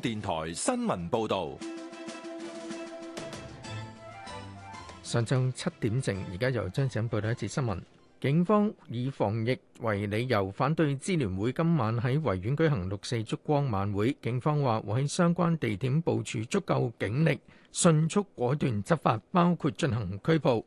電台新聞報道，上晝七點正，而家由張子欣報道一次新聞。警方以防疫為理由反對支聯會今晚喺維園舉行六四燭光晚會。警方話會喺相關地點部署足夠警力，迅速果斷執法，包括進行拘捕。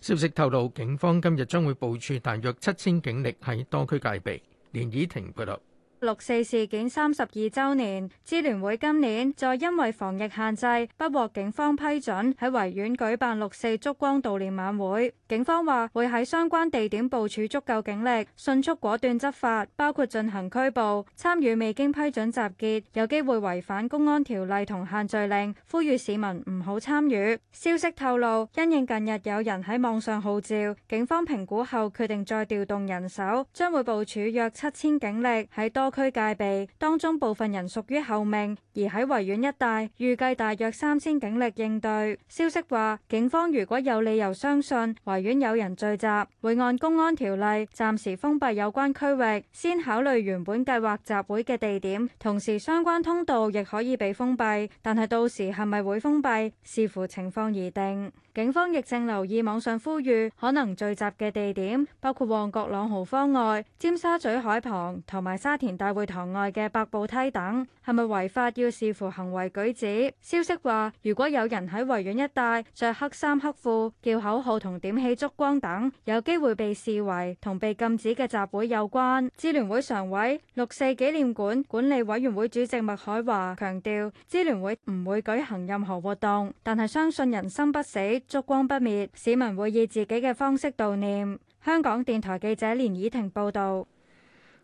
消息透露，警方今日將會部署大約七千警力喺多區戒備。連綺婷報道。六四事件三十二周年，支聯會今年再因為防疫限制，不獲警方批准喺維園舉辦六四燭光悼念晚會。警方話會喺相關地點部署足夠警力，迅速果斷執法，包括進行拘捕。參與未經批准集結，有機會違反公安條例同限聚令，呼籲市民唔好參與。消息透露，因應近日有人喺網上號召，警方評估後決定再調動人手，將會部署約七千警力喺多區戒備，當中部分人屬於后命。而喺維園一帶，預計大約三千警力應對。消息話，警方如果有理由相信院有人聚集，會按公安條例暫時封閉有關區域，先考慮原本計劃集會嘅地點，同時相關通道亦可以被封閉。但係到時係咪會封閉，視乎情況而定。警方亦正留意網上呼籲可能聚集嘅地點，包括旺角朗豪坊外、尖沙咀海旁同埋沙田大會堂外嘅百步梯等，係咪違法要視乎行為舉止。消息話，如果有人喺維園一帶着黑衫黑褲叫口號同點起燭光等，有機會被視為同被禁止嘅集會有關。支聯會常委、六四紀念館管，管理委員會主席麥海華強調，支聯會唔會舉行任何活動，但係相信人心不死。燭光不滅，市民會以自己嘅方式悼念。香港電台記者連以婷報道。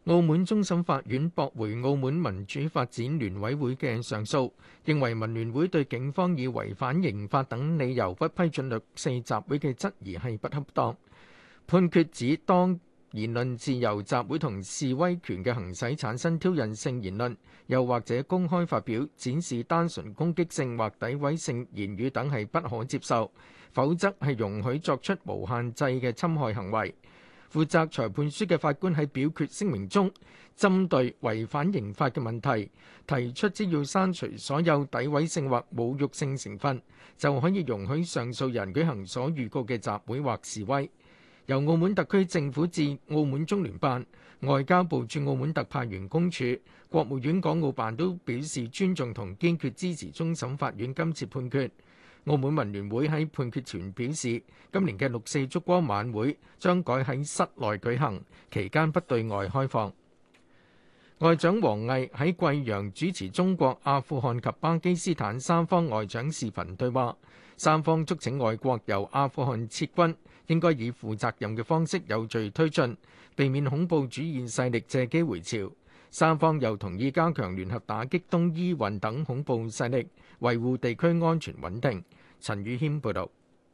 澳門終審法院駁回澳門民主發展聯委會嘅上訴，認為民聯會對警方以違反刑法等理由不批准六四集會嘅質疑係不恰當，判決指當。言論自由集會同示威權嘅行使產生挑釁性言論，又或者公開發表展示單純攻擊性或詆毀性言語等，係不可接受。否則係容許作出無限制嘅侵害行為。負責裁判書嘅法官喺表決聲明中，針對違反刑法嘅問題，提出只要刪除所有詆毀性或侮辱性成分，就可以容許上訴人舉行所預告嘅集會或示威。由澳門特區政府至澳門中聯辦、外交部駐澳門特派員公署、國務院港澳辦都表示尊重同堅決支持終審法院今次判決。澳門民聯會喺判決前表示，今年嘅六四燭光晚會將改喺室內舉行，期間不對外開放。外長王毅喺貴陽主持中國、阿富汗及巴基斯坦三方外長視頻對話，三方促請外國由阿富汗撤軍，應該以負責任嘅方式有序推進，避免恐怖主義勢力借機回潮。三方又同意加強聯合打擊東伊運等恐怖勢力，維護地區安全穩定。陳宇謙報道。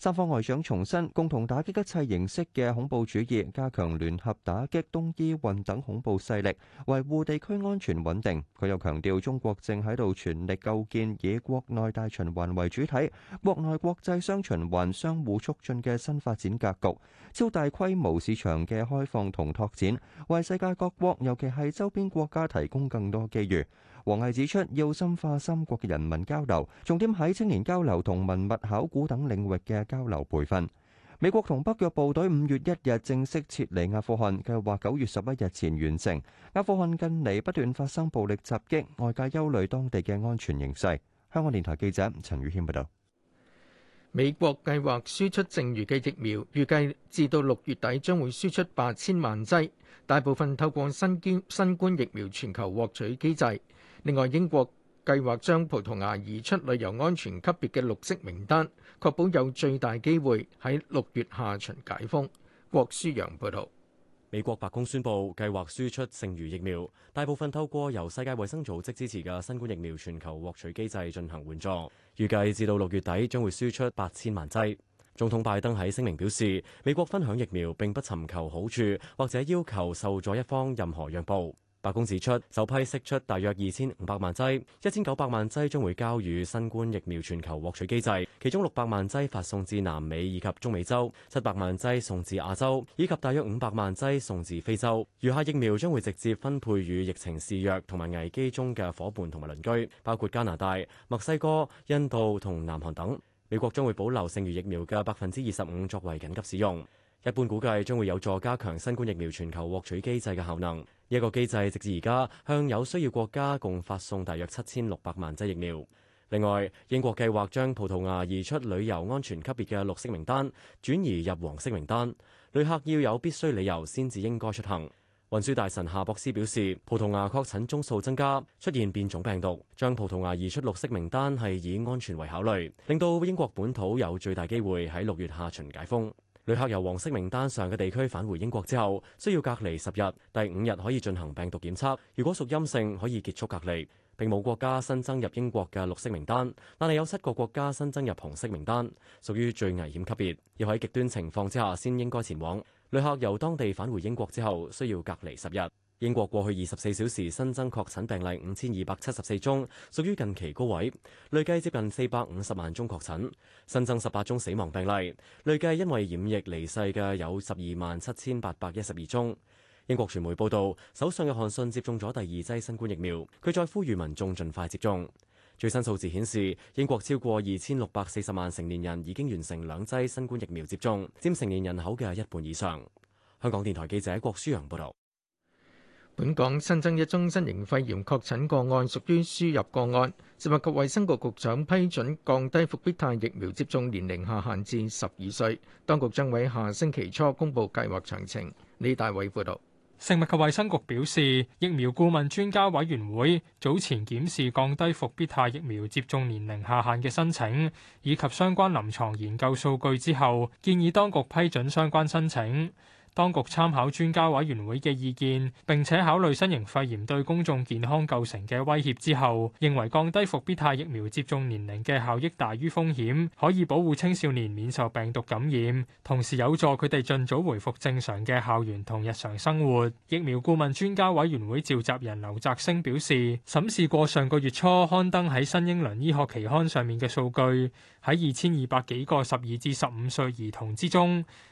三方外長重申共同打擊一切形式嘅恐怖主義，加強聯合打擊東伊運等恐怖勢力，維護地區安全穩定。佢又強調，中國正喺度全力構建以國內大循環為主體、國內國際雙循環相互促進嘅新發展格局，超大規模市場嘅開放同拓展，為世界各國，尤其係周邊國家提供更多機遇。王毅指出，要深化三國嘅人民交流，重點喺青年交流同文物考古等領域嘅交流培訓。美國同北約部隊五月一日正式撤離阿富汗，計劃九月十一日前完成。阿富汗近嚟不斷發生暴力襲擊，外界憂慮當地嘅安全形勢。香港電台記者陳宇謙報道。美國計劃輸出剩餘嘅疫苗，預計至到六月底將會輸出八千萬劑，大部分透過新冠新冠疫苗全球獲取機制。另外，英國計劃將葡萄牙移出旅遊安全級別嘅綠色名單，確保有最大機會喺六月下旬解封。郭思洋報導。美國白宮宣布計劃輸出剩餘疫苗，大部分透過由世界衛生組織支持嘅新冠疫苗全球獲取機制進行援助，預計至到六月底將會輸出八千萬劑。總統拜登喺聲明表示，美國分享疫苗並不尋求好處，或者要求受助一方任何讓步。白宮指出，首批釋出大約二千五百萬劑，一千九百萬劑將會交予新冠疫苗全球獲取機制，其中六百萬劑發送至南美以及中美洲，七百萬劑送至亞洲，以及大約五百萬劑送至非洲。餘下疫苗將會直接分配予疫情肆虐同埋危機中嘅伙伴同埋鄰居，包括加拿大、墨西哥、印度同南韓等。美國將會保留剩餘疫苗嘅百分之二十五作為緊急使用。一般估計將會有助加強新冠疫苗全球獲取機制嘅效能。呢一個機制直至而家向有需要國家共發送大約七千六百萬劑疫苗。另外，英國計劃將葡萄牙移出旅遊安全級別嘅綠色名單，轉移入黃色名單。旅客要有必須理由先至應該出行。運輸大臣夏博斯表示，葡萄牙確診宗數增加，出現變種病毒，將葡萄牙移出綠色名單係以安全為考慮，令到英國本土有最大機會喺六月下旬解封。旅客由黃色名單上嘅地區返回英國之後需要隔離十日，第五日可以進行病毒檢測，如果屬陰性，可以結束隔離，並冇國家新增入英國嘅綠色名單，但係有七個國家新增入紅色名單，屬於最危險級別，要喺極端情況之下先應該前往。旅客由當地返回英國之後需要隔離十日。英國過去二十四小時新增確診病例五千二百七十四宗，屬於近期高位，累計接近四百五十萬宗確診，新增十八宗死亡病例，累計因為染疫離世嘅有十二萬七千八百一十二宗。英國傳媒報道，首相約翰遜接種咗第二劑新冠疫苗，佢再呼籲民眾盡快接種。最新數字顯示，英國超過二千六百四十萬成年人已經完成兩劑新冠疫苗接種，佔成年人口嘅一半以上。香港電台記者郭舒揚報道。本港新增一宗新型肺炎確診個案，屬於輸入個案。食物及衛生局局長批准降低復必泰疫苗接種年齡下限至十二歲，當局將會下星期初公布計劃詳情。李大偉報道。食物及衛生局表示，疫苗顧問專家委員會早前檢視降低復必泰疫苗接種年齡下限嘅申請，以及相關臨床研究數據之後，建議當局批准相關申請。當局參考專家委員會嘅意見，並且考慮新型肺炎對公眾健康構成嘅威脅之後，認為降低復必泰疫苗接種年齡嘅效益大於風險，可以保護青少年免受病毒感染，同時有助佢哋盡早回復正常嘅校園同日常生活。疫苗顧問專家委員會召集人劉澤星表示，審視過上個月初刊登喺《新英倫醫學期刊》上面嘅數據，喺二千二百幾個十二至十五歲兒童之中。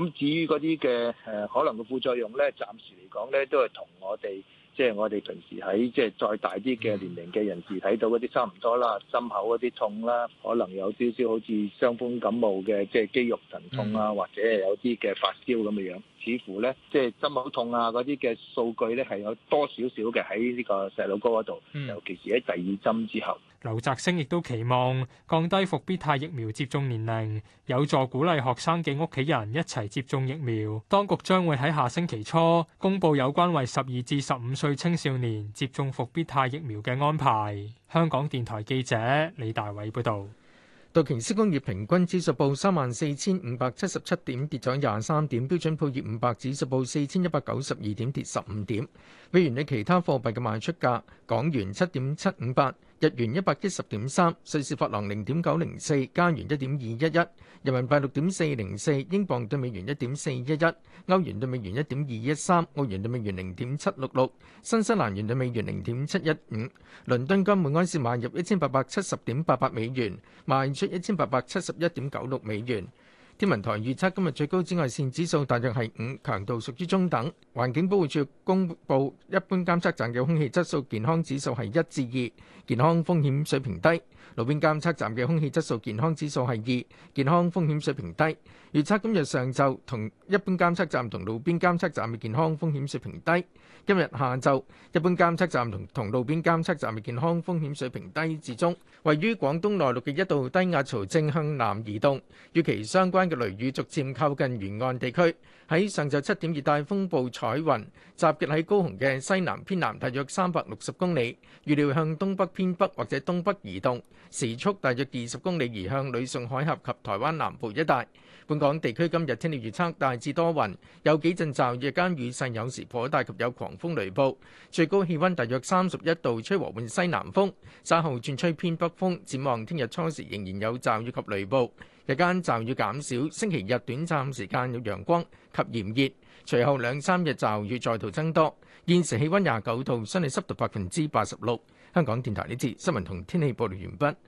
咁至於嗰啲嘅誒可能嘅副作用咧，暫時嚟講咧都係同我哋即係我哋平時喺即係再大啲嘅年齡嘅人士睇到嗰啲差唔多啦，心口嗰啲痛啦，可能有少少好似傷風感冒嘅即係肌肉疼痛啊，或者係有啲嘅發燒咁嘅樣。似乎咧，即係針好痛啊！嗰啲嘅數據咧，係有多少少嘅，喺呢個細路哥嗰度，尤其是喺第二針之後，劉澤星亦都期望降低復必泰疫苗接種年齡，有助鼓勵學生嘅屋企人一齊接種疫苗。當局將會喺下星期初公布有關為十二至十五歲青少年接種復必泰疫苗嘅安排。香港電台記者李大偉報道。道瓊斯工業平均指數報三萬四千五百七十七點，跌咗廿三點。標準普爾五百指數報四千一百九十二點，跌十五點。美元嘅其他貨幣嘅賣出價，港元七點七五八。日元一百一十點三，瑞士法郎零點九零四，加元一點二一一，人民幣六點四零四，英鎊對美元一點四一一，歐元對美元一點二一三，澳元對美元零點七六六，新西蘭元對美元零點七一五。倫敦金每安士買入一千八百七十點八八美元，賣出一千八百七十一點九六美元。天文台預測今日最高紫外線指數大約係五，強度屬於中等。環境保護署公布一般監測站嘅空氣質素健康指數係一至二，健康風險水平低。路邊監測站嘅空氣質素健康指數係二，健康風險水平低。預測今日上晝同一般監測站同路邊監測站嘅健康風險水平低。今日下晝一般監測站同同路邊監測站嘅健康風險水平低至中。位於廣東內陸嘅一道低壓槽正向南移動，與其相關嘅雷雨逐漸靠近沿岸地區。喺上晝七點，熱帶風暴彩雲集結喺高雄嘅西南偏南，大約三百六十公里，預料向東北偏北或者東北移動，時速大約二十公里，移向呂宋海峽及台灣南部一帶。半香港地區今日天氣預測，大致多雲，有幾陣驟雨，日間雨勢有時頗大及有狂風雷暴。最高氣溫大約三十一度，吹和緩西南風。稍後轉吹偏北風，展望聽日初時仍然有驟雨及雷暴，日間驟雨減少。星期日短暫時間有陽光及炎熱，隨後兩三日驟雨再度增多。現時氣溫廿九度，相對濕度百分之八十六。香港電台呢節新聞同天氣報告完畢。